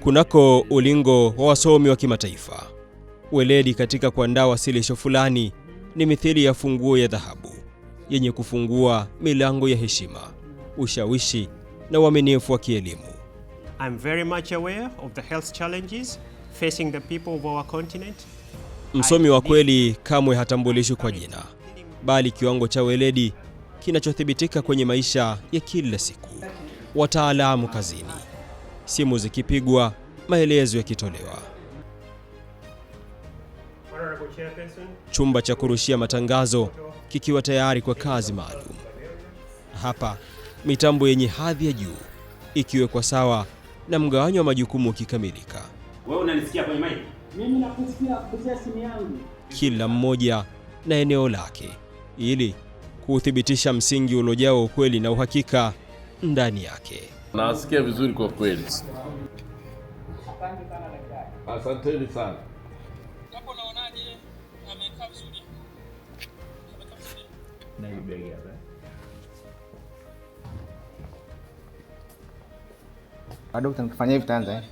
Kunako ulingo wa wasomi wa kimataifa, weledi katika kuandaa wasilisho fulani ni mithili ya funguo ya dhahabu yenye kufungua milango ya heshima, ushawishi na uaminifu wa kielimu. I'm very much aware of the health challenges facing the people of our continent. Msomi wa kweli kamwe hatambulishwi kwa jina, bali kiwango cha weledi kinachothibitika kwenye maisha ya kila siku. Wataalamu kazini simu zikipigwa, maelezo yakitolewa. Chumba cha kurushia matangazo kikiwa tayari kwa kazi maalum. Hapa mitambo yenye hadhi ya juu ikiwekwa sawa na mgawanyo wa majukumu ukikamilika. Wewe unanisikia kwenye mic? Mimi nakusikia kupitia simu yangu. Kila mmoja na eneo lake ili kuuthibitisha msingi uliojao ukweli na uhakika ndani yake. Nasikia vizuri kwa kweli, asanteni sana. Ah, dokta, mkifanya hivi tanza eh?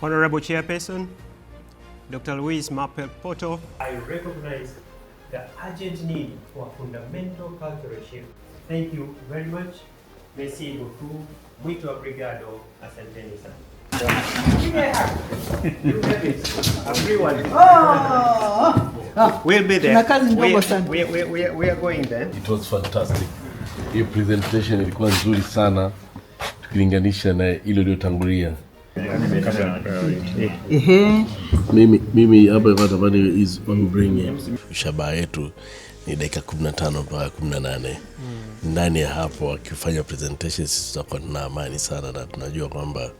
Honorable Chairperson, Dr. Louise Mapel Poto. I recognize the urgent need for fundamental cultural shift. Thank you very much. Merci beaucoup. Muito obrigado. Asanteni ah, ah, sana. It was fantastic. Hii presentation ilikuwa nzuri sana tukilinganisha na ile iliyotangulia. Mimi hapa natamani shabaha yetu ni dakika 15 mpaka 18. Mm. Ndani ya hapo akifanya presentation, sisi tutakuwa tuna amani sana na tunajua kwamba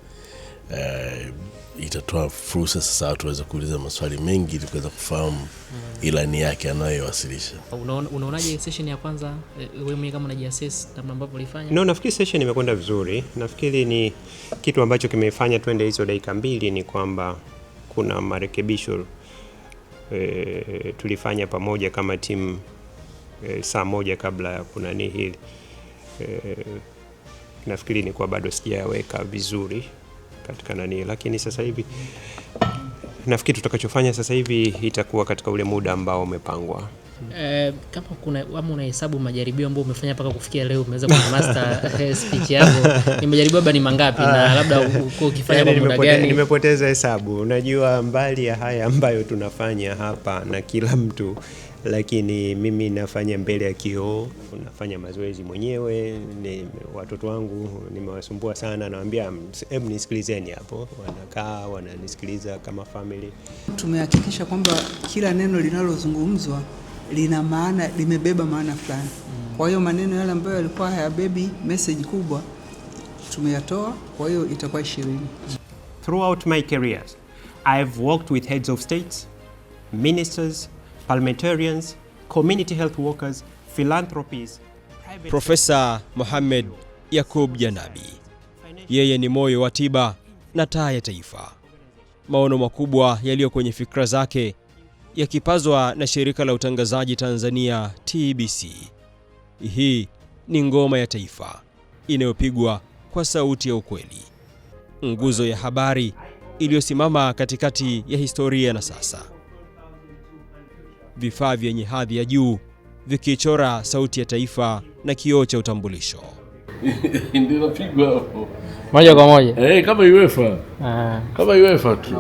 eh, itatoa fursa sasa watu waweze kuuliza maswali mengi ili kuweza kufahamu mm. ilani yake anayoiwasilisha. Unaonaje session ya kwanza eh, wewe kama unajiassess namna ambavyo ulifanya? No, nafikiri session imekwenda vizuri. Nafikiri ni kitu ambacho kimefanya twende hizo dakika mbili ni kwamba kuna marekebisho e, tulifanya pamoja kama timu e, eh, saa moja kabla ya kunani hili e, nafikiri nilikuwa bado sijaweka vizuri katika nani, lakini sasa hivi nafikiri tutakachofanya sasa hivi itakuwa katika ule muda ambao umepangwa. Eh, kama kuna ama unahesabu majaribio ambayo umefanya mpaka kufikia leo umeweza master eh, speech yako, ni majaribio labda ni mangapi na ah. labda uko ukifanya kwa yaani muda gani? Nimepoteza hesabu. Unajua, mbali ya haya ambayo tunafanya hapa na kila mtu lakini mimi nafanya mbele ya kioo, nafanya mazoezi mwenyewe. Ni watoto wangu nimewasumbua sana, nawaambia hebu nisikilizeni hapo, wanakaa wananisikiliza kama family. Tumehakikisha kwamba kila neno linalozungumzwa lina maana, limebeba maana fulani. Mm. Kwa hiyo maneno yale ambayo yalikuwa hayabebi message kubwa tumeyatoa, kwa hiyo itakuwa ishirini. Throughout my careers, I've worked with heads of states, ministers parliamentarians, community health workers, philanthropies. Profesa Mohamed Yakub Janabi, yeye ni moyo wa tiba na taa ya taifa. Maono makubwa yaliyo kwenye fikra zake yakipazwa na shirika la utangazaji Tanzania TBC. Hii ni ngoma ya taifa inayopigwa kwa sauti ya ukweli, nguzo ya habari iliyosimama katikati ya historia na sasa vifaa vyenye hadhi ya juu vikichora sauti ya taifa na kioo cha utambulisho. Ndio napigwa hapo moja kwa moja eh, kama UEFA ah. kama UEFA tu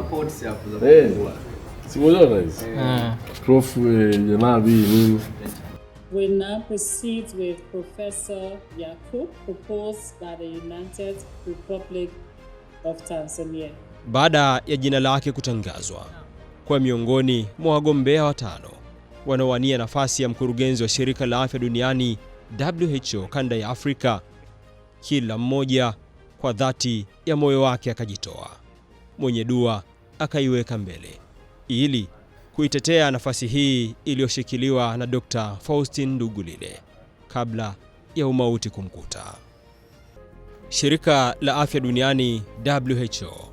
eh, ah. eh, Baada ya jina lake kutangazwa kwa miongoni mwa wagombea watano wanaowania nafasi ya mkurugenzi wa shirika la afya duniani WHO kanda ya Afrika, kila mmoja kwa dhati ya moyo wake akajitoa, mwenye dua akaiweka mbele ili kuitetea nafasi hii iliyoshikiliwa na Dr. Faustin Ndugulile kabla ya umauti kumkuta. Shirika la afya duniani WHO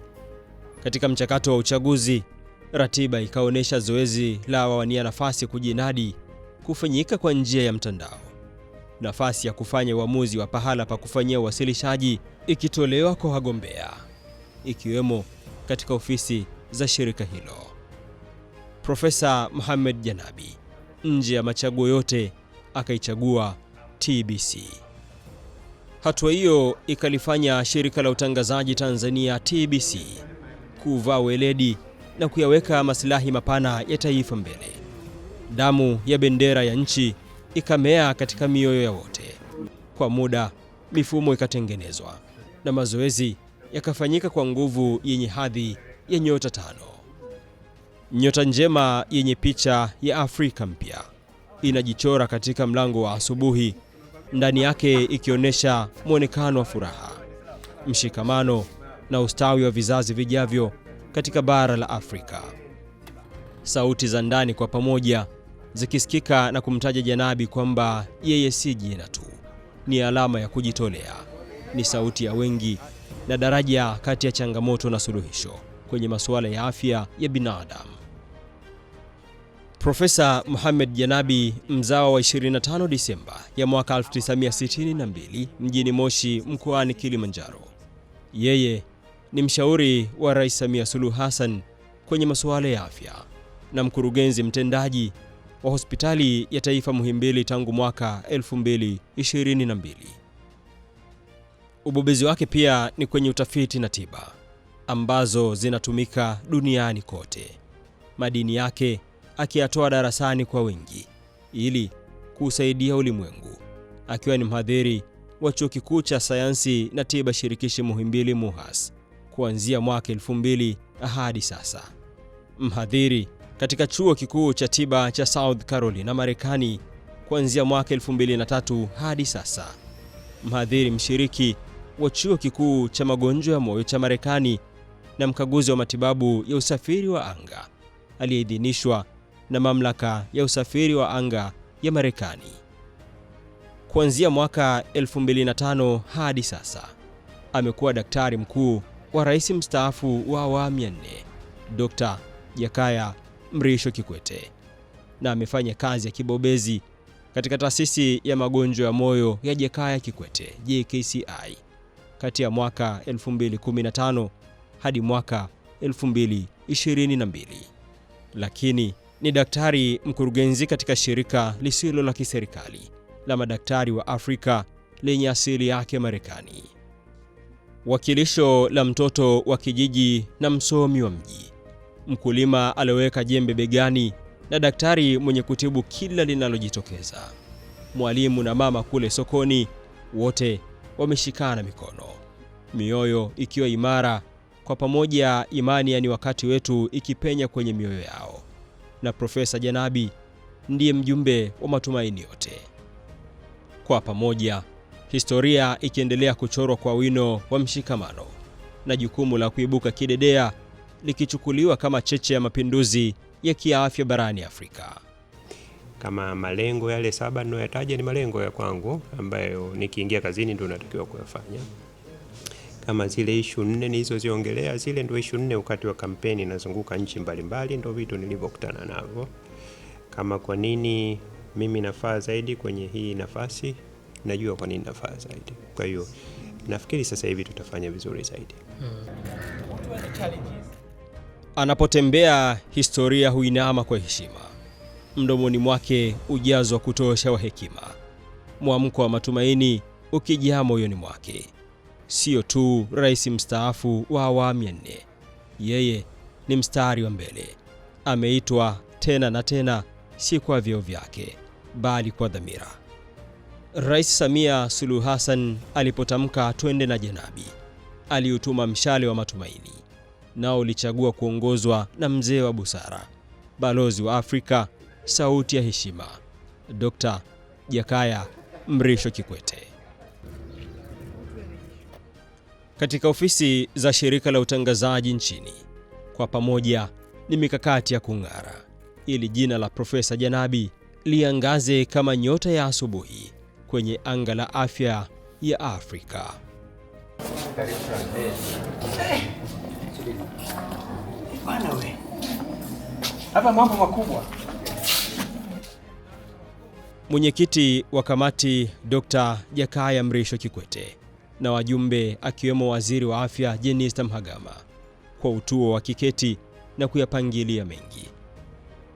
katika mchakato wa uchaguzi Ratiba ikaonyesha zoezi la wawania nafasi kujinadi kufanyika kwa njia ya mtandao, nafasi ya kufanya uamuzi wa pahala pa kufanyia uwasilishaji ikitolewa kwa wagombea, ikiwemo katika ofisi za shirika hilo. Profesa Mohamed Janabi, nje ya machaguo yote, akaichagua TBC. Hatua hiyo ikalifanya shirika la utangazaji Tanzania TBC kuvaa weledi na kuyaweka masilahi mapana ya taifa mbele. Damu ya bendera ya nchi ikamea katika mioyo ya wote. Kwa muda mifumo ikatengenezwa na mazoezi yakafanyika kwa nguvu yenye hadhi ya nyota tano. Nyota njema yenye picha ya Afrika mpya inajichora katika mlango wa asubuhi, ndani yake ikionyesha mwonekano wa furaha, mshikamano na ustawi wa vizazi vijavyo katika bara la Afrika. Sauti za ndani kwa pamoja zikisikika na kumtaja Janabi kwamba yeye si jina tu, ni alama ya kujitolea, ni sauti ya wengi na daraja kati ya changamoto na suluhisho kwenye masuala ya afya ya binadamu. Profesa Muhammad Janabi, mzawa wa 25 Disemba ya mwaka 1962 mjini Moshi mkoani Kilimanjaro, yeye ni mshauri wa Rais Samia Suluhu Hassan kwenye masuala ya afya na mkurugenzi mtendaji wa hospitali ya taifa Muhimbili tangu mwaka 2022. Ubobezi wake pia ni kwenye utafiti na tiba ambazo zinatumika duniani kote, madini yake akiyatoa darasani kwa wengi ili kuusaidia ulimwengu, akiwa ni mhadhiri wa Chuo Kikuu cha Sayansi na Tiba Shirikishi Muhimbili MUHAS kuanzia mwaka mbili hadi sasa. Mhadhiri katika chuo kikuu cha tiba cha South Carolina, Marekani kuanzia mwaka tatu hadi sasa. Mhadhiri mshiriki wa chuo kikuu cha magonjwa ya moyo cha Marekani na mkaguzi wa matibabu ya usafiri wa anga aliyeidhinishwa na mamlaka ya usafiri wa anga ya Marekani. Kuanzia mwaka 2005 hadi sasa amekuwa daktari mkuu wa rais mstaafu wa awamu ya nne Dr. Jakaya Mrisho Kikwete na amefanya kazi ya kibobezi katika taasisi ya magonjwa ya moyo ya Jakaya Kikwete JKCI kati ya mwaka 2015 hadi mwaka 2022, lakini ni daktari mkurugenzi katika shirika lisilo la kiserikali la madaktari wa Afrika lenye asili yake Marekani wakilisho la mtoto wa kijiji na msomi wa mji, mkulima aliyeweka jembe begani na daktari mwenye kutibu kila linalojitokeza, mwalimu na mama kule sokoni, wote wameshikana mikono, mioyo ikiwa imara kwa pamoja, imani yani wakati wetu ikipenya kwenye mioyo yao. Na Profesa Janabi ndiye mjumbe wa matumaini yote. Kwa pamoja historia ikiendelea kuchorwa kwa wino wa mshikamano na jukumu la kuibuka kidedea likichukuliwa kama cheche ya mapinduzi ya kiafya barani Afrika. Kama malengo yale saba ninayoyataja ni malengo ya kwangu ambayo nikiingia kazini ndio natakiwa kuyafanya. Kama zile ishu nne nilizoziongelea, zile ndio ishu nne wakati wa kampeni nazunguka nchi mbalimbali, ndio vitu nilivyokutana navyo. Kama kwa nini mimi nafaa zaidi kwenye hii nafasi najua kwa nini nafaa zaidi. Kwa hiyo nafikiri sasa hivi tutafanya vizuri zaidi hmm. Anapotembea historia huinama kwa heshima, mdomoni mwake ujazo wa kutosha wa hekima, mwamko wa matumaini ukijaa moyoni mwake. Sio tu rais mstaafu wa awamu ya nne, yeye ni mstari wa mbele. Ameitwa tena na tena, si kwa vyeo vyake, bali kwa dhamira. Rais Samia Suluhu Hassan alipotamka twende na janabi, aliutuma mshale wa matumaini, nao ulichagua kuongozwa na mzee wa busara, balozi wa Afrika, sauti ya heshima, Dr. Jakaya Mrisho Kikwete. Katika ofisi za shirika la utangazaji nchini, kwa pamoja ni mikakati ya kung'ara ili jina la Profesa Janabi liangaze kama nyota ya asubuhi kwenye anga la afya ya Afrika. Hapa mambo makubwa. Mwenyekiti wa kamati Dr. Jakaya Mrisho Kikwete na wajumbe akiwemo waziri wa afya Jenista Mhagama kwa utuo wa kiketi na kuyapangilia mengi.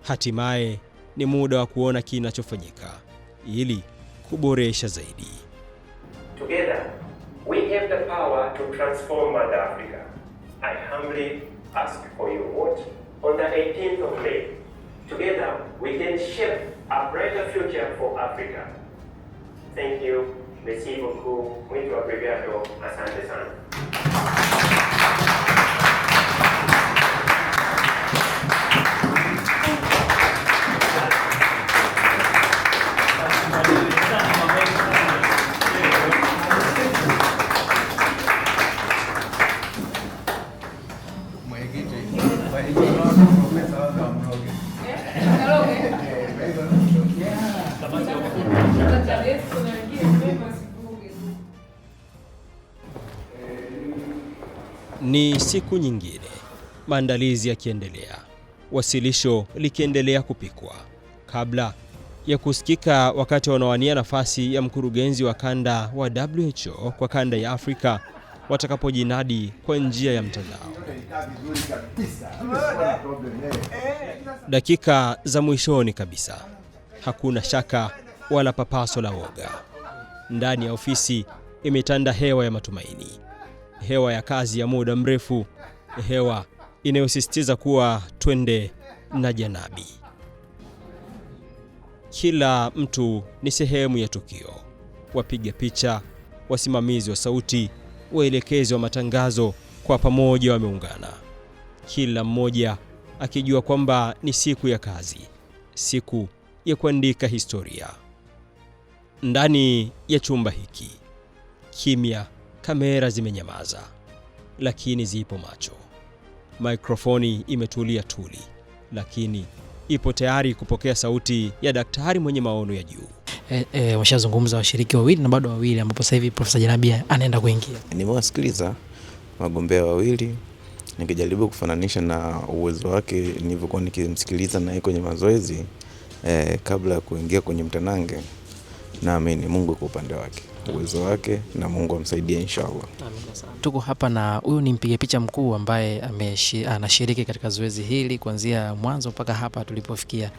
Hatimaye ni muda wa kuona kinachofanyika ili kuboresha zaidi. Together, we have the power to transform Mother Africa. I humbly ask for your vote on the 18th of May. Together, we can shape a brighter future for Africa. Thank you. Merci beaucoup. wa obrigado. Asante sana. siku nyingine, maandalizi yakiendelea, wasilisho likiendelea kupikwa kabla ya kusikika wakati wanawania nafasi ya mkurugenzi wa kanda wa WHO kwa kanda ya Afrika watakapojinadi kwa njia ya mtandao. Dakika za mwishoni kabisa, hakuna shaka wala papaso la woga. Ndani ya ofisi imetanda hewa ya matumaini hewa ya kazi ya muda mrefu, hewa inayosisitiza kuwa twende na janabi. Kila mtu ni sehemu ya tukio: wapiga picha, wasimamizi wa sauti, waelekezi wa matangazo, kwa pamoja wameungana, kila mmoja akijua kwamba ni siku ya kazi, siku ya kuandika historia. Ndani ya chumba hiki kimya Kamera zimenyamaza, lakini zipo macho. Mikrofoni imetulia tuli, lakini ipo tayari kupokea sauti ya daktari mwenye maono ya juu. E, e, washazungumza washiriki wawili na bado wawili, ambapo sasa hivi Profesa Janabia anaenda kuingia. Nimewasikiliza wagombea wawili nikijaribu kufananisha na uwezo wake nilivyokuwa nikimsikiliza naye kwenye mazoezi eh, kabla ya kuingia kwenye mtanange. Naamini Mungu kwa upande wake uwezo wake na Mungu amsaidie inshallah. Tuko hapa na huyu ni mpiga picha mkuu ambaye anashiriki katika zoezi hili kuanzia mwanzo mpaka hapa tulipofikia.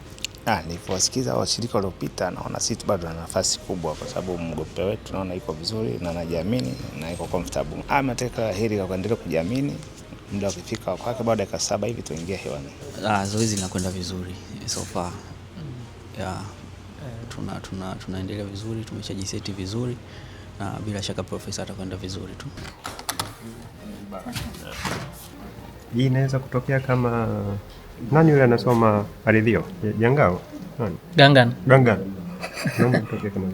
Ah, nilipowasikiza washirika waliopita, naona sisi bado na nafasi kubwa, kwa sababu mgombea wetu naona iko vizuri na najiamini na iko comfortable. Ah, nataka heri kwa kuendelea kujiamini, muda ukifika kwake, baada ya dakika saba hivi tuingie hewani. Ah, Zoezi linakwenda vizuri so far. Mm. Yeah tuna, tuna, tunaendelea vizuri, tumeshajiseti vizuri na bila shaka profesa atakwenda vizuri tu. Hii inaweza kutokea kama nani yule anasoma aridhio jangao nani? Gangan. Gangan. kama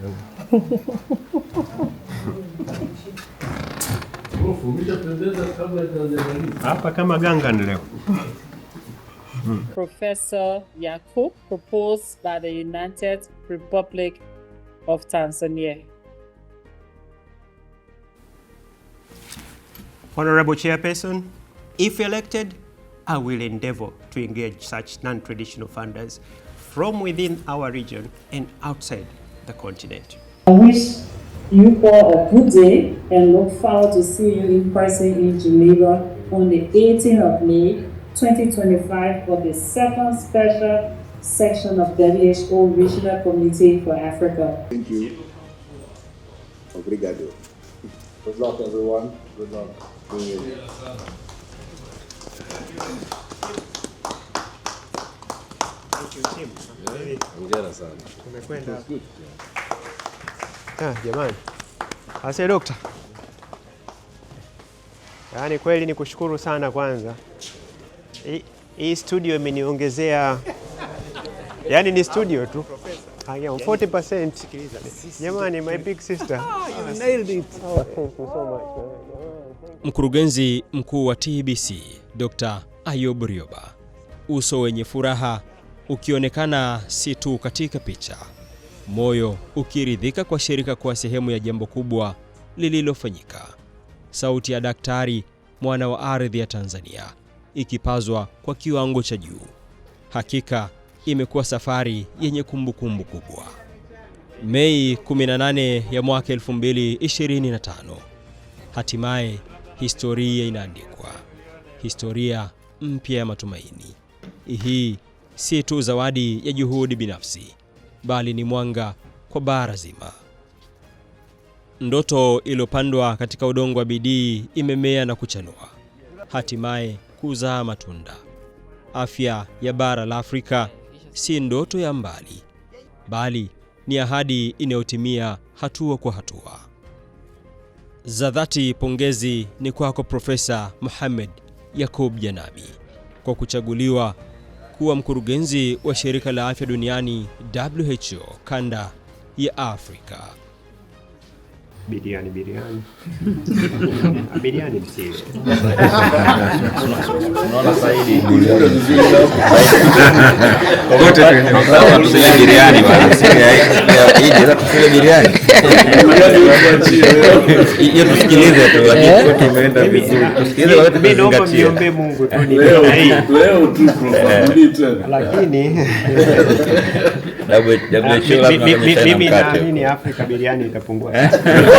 gangan. Hapa kama gangan leo. Mm. Professor Yakub, proposed by the United Republic of Tanzania. Honorable Chairperson, if elected, I will endeavor to engage such non traditional funders from within our region and outside the continent. I wish you all a good day and look forward to seeing you in person in Geneva on the 18th of May 2025 for the second special section of WHO Regional Committee for Africa. Thank you. Obrigado. Good luck, everyone. Good luck. Good Thank ah, jamani. Asante dokta. Yaani kweli ni kushukuru sana kwanza hii studio imeniongezea yani ni studio tu 40%. Ah, yaani- Jamani, my big sister. Ah, oh, Mkurugenzi mkuu wa TBC Dr. Ayob Rioba, uso wenye furaha ukionekana si tu katika picha, moyo ukiridhika kwa shirika kuwa sehemu ya jambo kubwa lililofanyika. Sauti ya daktari, mwana wa ardhi ya Tanzania ikipazwa kwa kiwango cha juu. Hakika imekuwa safari yenye kumbukumbu kubwa. Mei 18 ya mwaka 2025, hatimaye historia inaandikwa, historia mpya ya matumaini. Hii si tu zawadi ya juhudi binafsi, bali ni mwanga kwa bara zima. Ndoto iliyopandwa katika udongo wa bidii imemea na kuchanua, hatimaye kuzaa matunda. Afya ya bara la Afrika si ndoto ya mbali, bali ni ahadi inayotimia hatua kwa hatua. Za dhati pongezi ni kwako Profesa Mohamed Yakub Janabi kwa kuchaguliwa kuwa mkurugenzi wa shirika la afya duniani WHO kanda ya Afrika. Biriani biriani biriani msile. Unaona biriani biriani hiyo, tusikilize tu, lakini eh? tumeenda vizuri, tusikilize wakati Niombe Mungu tu ni leo tu eh. lakini ah, mimi naamini Afrika biriani itapungua eh?